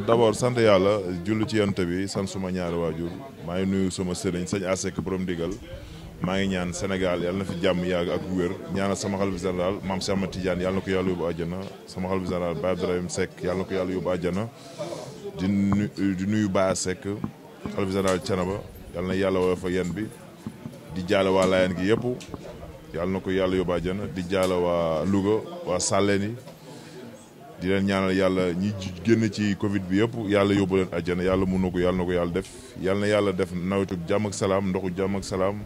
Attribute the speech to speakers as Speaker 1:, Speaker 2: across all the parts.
Speaker 1: waaw d'abord sant yàlla jullu ci yant bi san suma ñaari waajur maa ngi nuyu suma sëriñ sëñ Asek borom ndigal maa ngi ñaan senegal yàlla na fi jàmm yàgg ak wér ñaanal sama xalifa général maam Cheikh Ahmed Tidiane yàlla na ko yàlla yóbbu sama xalifa général Baye Abdourahim Seck yàlla na ko yàlla yóbbu àjjana di nuyu di nuyu Baye Seck xalifa général Thiénaba yàlla na yàlla woo fa yen bi di jaale waa Layeen gi yëpp yàlla na ko yàlla yóbbu àjjana di jaale waa Louga waa Sàlleen di leen ñaanal yàlla ñi génn ci Covid bi yëpp yàlla yóbbu leen àjjana yàlla mun na ko yàlla na yàlla def yàlla na yàlla def nawetu jàmm ak salaam ndoxu jàmm ak salaam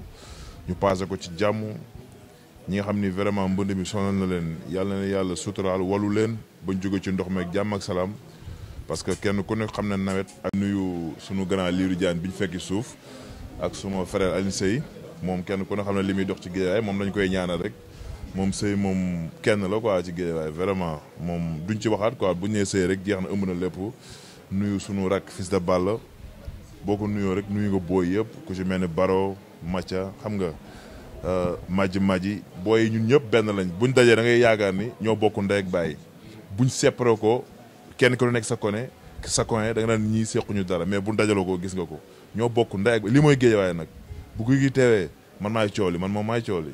Speaker 1: ñu passé ko ci jàmm ñi nga xam ni vraiment mbënd mi sonal na leen yàlla na yàlla suturaal walu leen bañ jóge ci ndox meeg jàmm ak salaam parce que kenn ku nekk xam ne nawet ak nuyu sunu grand Lirou jaan bi ñu fekki suuf ak suma frère Alioune Seye moom kenn ku ne xam ne li muy dox ci géejaay moom lañ koy ñaanal rek moom sëy moom kenn la quoi ci Guédiawaye vraiment moom ñu ci waxaat quoi buñ nee sëy rek jeex na ëmb na lépp nuyu sunu rakk Fils de Balla boo ko nuyoo rek nuyu nga booy yëpp ku ci mel ni Baro Macha xam nga euh, Maji Maji booy yi ñun ñëpp benn lañ buñ dajee da ngay yaakaar ni ñoo bokk ndey ak bàyyi buñ séparé ko kenn ku nekk sa kone sa coin da nga naan ñii sequñu dara mais buñ dajaloo ko gis nga ko ñoo bokk ndey ak li mooy Guédiawaye nag bu guy gi teewee man maay cool yi man moom maay cool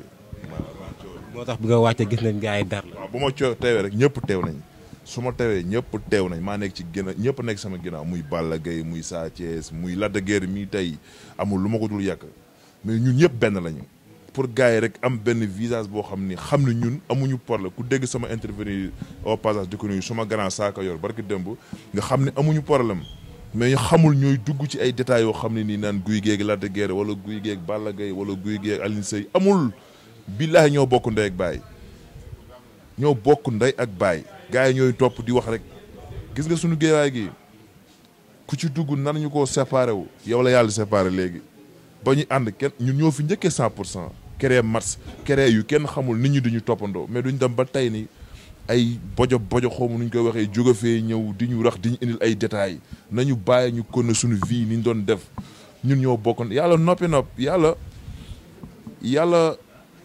Speaker 1: moo tax bi nga wàccee gis nañ gars yi dar la. waaw bu ma co teewee rek ñëpp teew nañ su ma teewee ñëpp teew nañ maa nekk ci ginnaaw ñëpp nekk sama ginnaaw muy Balla Gaye muy Sa Thiès muy Lac de mii tey amul lu ma ko dul yàq mais ñun ñëpp benn lañu. pour gars yi rek am benn visage boo xam ni xam ne ñun amuñu problème ku dégg sama intervenir au passage di ko nuyu sama grand saaka yor barki démb nga xam ne amuñu problème mais xamul ñooy dugg ci ay détails yoo xam ne nii naan guy geeg Lac de wala guy geeg Balla Gaye wala guy geeg Alioune Seye amul. billahi ñoo bokk ndey ak baay ñoo bokk ndey ak baay gars yi ñooy topp di wax rek gis nga suñu géewaay gi ku ci dugg nan ñu ko séparé wu yow la yàlla séparé léegi ba ñu ànd kenn ñu ñoo fi njëkkee cent pour cent créé match kere yu kenn xamul nit ñi duñu toppandoo mais duñ dem ba tey ni ay bojo bojo xawma nuñ ko waxee jóge fee ñëw di ñu rax di ñu indil ay na ñu bàyyi ñu kon suñu vie ni ñu doon def ñu ñoo bokkoon yàlla noppi nopp yàlla yàlla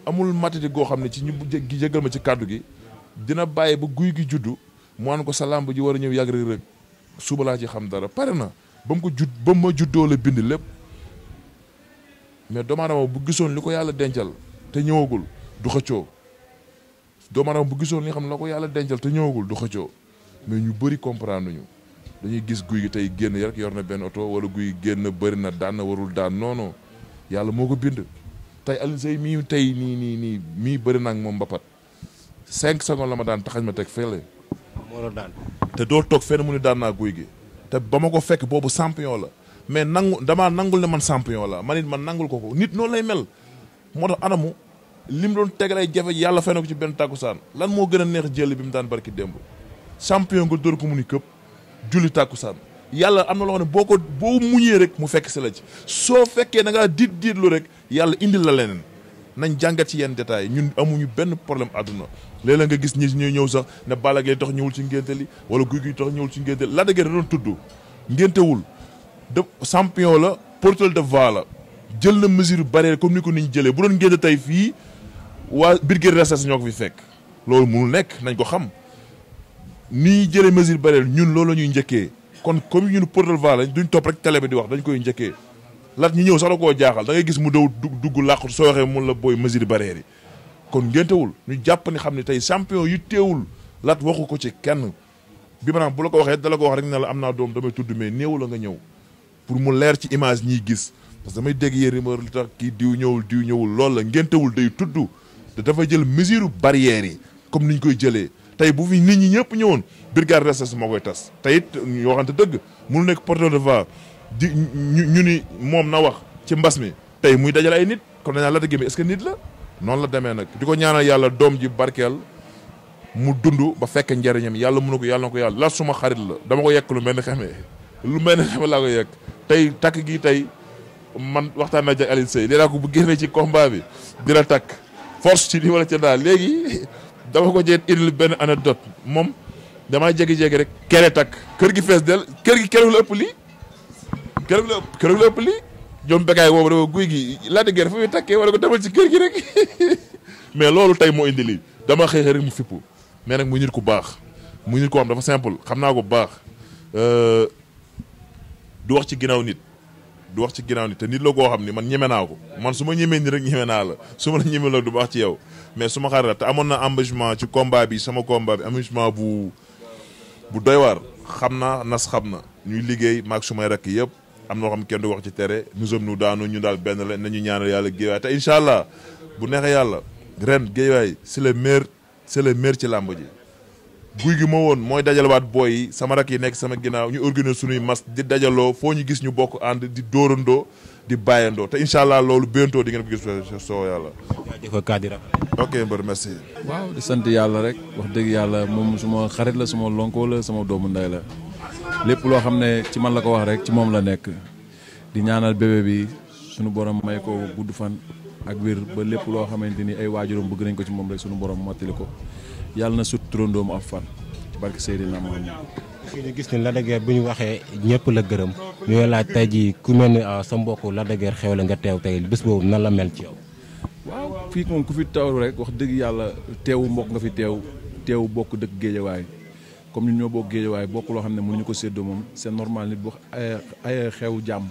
Speaker 1: amul matati goo xam ne ci ñu jégal ma ci kàddu gi dina bàyyi ba guy gi juddu mu naan ko sa làmb ji war a ñëw yàgg rek rek suba laa ci xam dara pare na bam ko judd ba ma juddoo la bind lépp mais doomu aadama bu gisoon li ko yàlla dencal te ñëwagul du xëccoo doomu aadama bu gisoon li xam ne la ko yàlla dencal te ñëwagul du xëccoo mais ñu bëri comprendre ñu dañuy gis guy gi tey génn rek yor na benn oto wala guy génn bari na daan na warul daan noonoo yàlla moo ko bind. tey Alioune Seye mii tey nii nii nii mii bëri na ak moom mbapat cinq secondes la ma daan taxañ ma teg fële. moo la daan te doo toog fenn mu ne daan naa guy gi te ba ma ko fekk boobu champion la mais nangu damaa nangul ne man champion la man it man nangul ko ko nit noonu lay mel moo tax anamu lim doon tegalay jafe yàlla fay ko ci benn tàkkusaan lan moo gën a neex jël bi mu daan barki démb champion nga dóor ko mu ni këpp julli tàkkusaan yàlla am na loo ne boo ko boo mu muñee rek mu fekk si la ci soo fekkee da ngaa diit diitlu rek yàlla indil la leneen nañ jàngat ci yenn détails ñun amuñu benn problème àdduna léeg-léeg nga gis ñi ñuy ñëw sax ne Balla Gaye tax ñëwul ci ngénte li wala Gouye Gui tax ñëwul ci ngénte la Lac de Guiers doon tudd ngéntewul de champion la porteur de voix la jël na mesure barrière comme ni ko niñ jëlee bu doon ngénte tey fii waa biir gër reses ñoo ko fi loolu mënul nekk nañ ko xam ni ñuy jëlee mesure barrière ñun loolu la ñuy njëkkee kon comme ñun porte-voix lañ duñ topp rek télé di wax dañ koy njëkkee lat ñi ñëw sax da koo jaaxal da gis mu daw dugg làqu soo waxee mun la booy mesure barrière kon ngéntewul ñu jàpp ni xam ne tey champion yu teewul lat waxu ko ci kenn bi maanaam bu la ko waxee dala ko wax rek ne am naa doom damay tudd mais néew la nga ñëw pour mu leer ci image ñiy gis parce que damay dégg yéen rumeur kii diw ñëwul diw ñëwul loolu la ngéntewul day tudd te dafa jël mesure barrière yi comme niñ koy jëlee tey bu fi nit ñi ñëpp ñëwoon brigade su moo koy tas te it ñu waxante dëgg mënu nekk porteur de voix di ñu ni moom na wax ci mbas mi tey muy dajal ay nit kon dañaa la dëgg mi est que nit la noonu la demee nag ko ñaanal yàlla doom ji barkeel mu dund ba fekk njariñam yàlla mënu ko yàlla ko yàlla la suma xarit la dama ko yekk lu mel ni xamee lu mel ni xamee laa ko yekk tey takk gi tey man waxtaan naa ak Alioune Seye léegi ko bu génnee ci combat bi dina takk force ci di walla ca daal léegi dama ko jéem indil benn anecdote moom damaa jékki-jékki rek kere takk kër gi fees del kër gi keroog la ëpp lii keroog la ëpp keroog la ëpp lii jom bekaay boobu dafa guy gi laata gerte fu muy takkee wala ko demal ci kër gi rek mais loolu tey moo indi lii dama xëy xëy rek mu fippu mais rek mu nit ku baax mu nit ko am dafa simple xam naa ko bu baax euh, du wax ci ginaaw nit du wax ci ginnaaw ni te nit la koo xam ni man ñeme naa ko man su ma ñemee ni rek ñeme naa la su ma la ñeme la du wax ci yow mais suma ma xarit la te amoon na engagement ci combat bi sama combat bi engagement bu bu doy waar xam naa nas xam na ñuy liggéey maak su may rakk yëpp am na xam kenn du wax ci tere nous sommes nous daanu ñu daal benn leen na ñu ñaanal yàlla géewaay te incha allah bu neexee yàlla ren géewaay c'est le meilleur c'est le meilleur ci làmb ji guy gi ma woon mooy dajalewaat booy sama rak yi nekk sama ginnaaw ñu organiser suñuy mas di dajaloo foo ñu gis ñu bokk ànd di dóorandoo di bàyyandoo te incha allah loolu béyantoo di ngeen ko gis soo yàlla. jaajëfal kaddi rafet. ok
Speaker 2: di sant yàlla rek wax dëgg yàlla moom suma xarit la suma lonko la sama doomu ndey la lépp loo xam ne ci man la ko wax rek ci moom la nekk di ñaanal bébé bi sunu borom may ko gudd fan ak wér ba lépp loo xamante ni ay waajuram bëgg nañ ko ci moom rek sunu borom mottali ko. yàlla na sut turandoom am fan na Seydina Mohamed. fii ñu gis ni Lac de bi ñu waxee ñëpp la gërëm ñooy laaj tey jii ku mel ni ah, sa mbokk Lac de xew la nga teew tey bés boobu nan la mel ci yow. fii moom ku fi taw rek wax dëgg yàlla teewu nga fi teew teewu bokk dëkk géejawaay comme ñun ñoo bokk géejawaay bokk loo xam ne mënuñu ko séddoo moom seen normal nit bu ay xew jàmm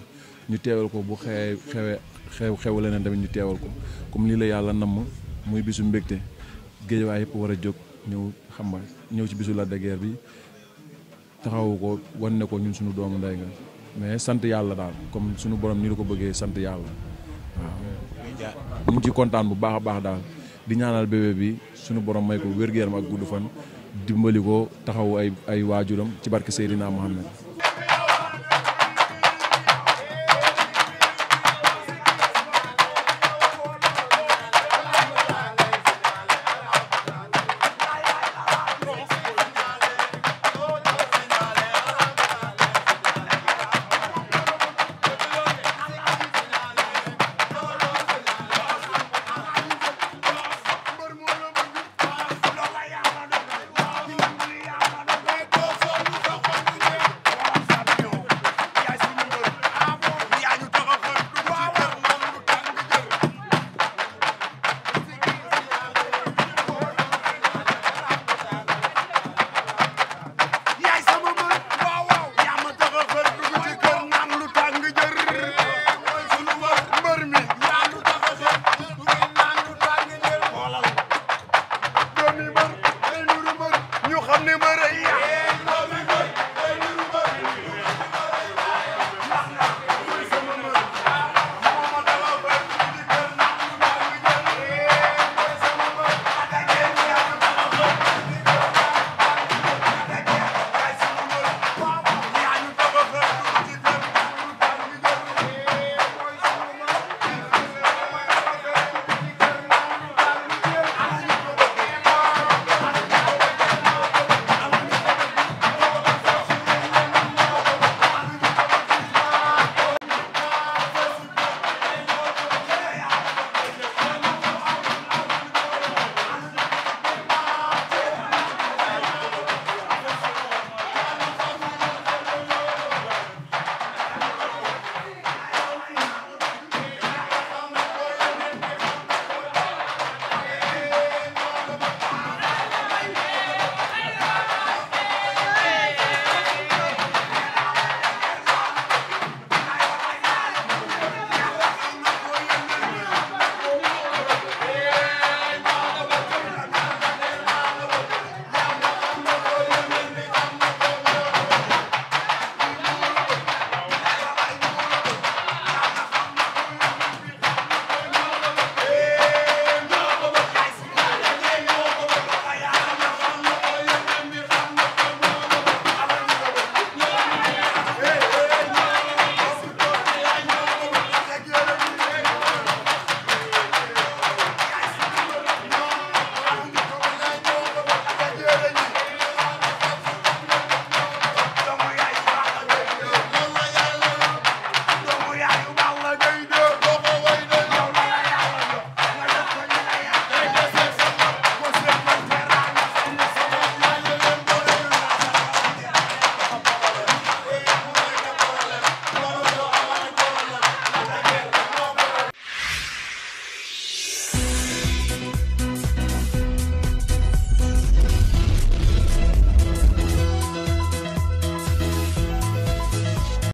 Speaker 2: ñu teewal ko bu xee xew xew xew leneen tamit ñu teewal ko comme lii la yàlla namm muy bisu mbégte géejawaay yëpp war a jóg. ñëw xam nga ñëw ci bisu Lac de bi taxawu ko wan ne ko ñun suñu doomu ndey nga mais sant yàlla daal comme suñu borom ñu la ko bëggee sant yàlla waaw. ñu ci kontaan bu baax a baax daal di ñaanal bébé bi sunu borom may ko wér gu ak gudd fan dimbali ko taxawu ay ay waajuram ci barke Seydina Mohamed.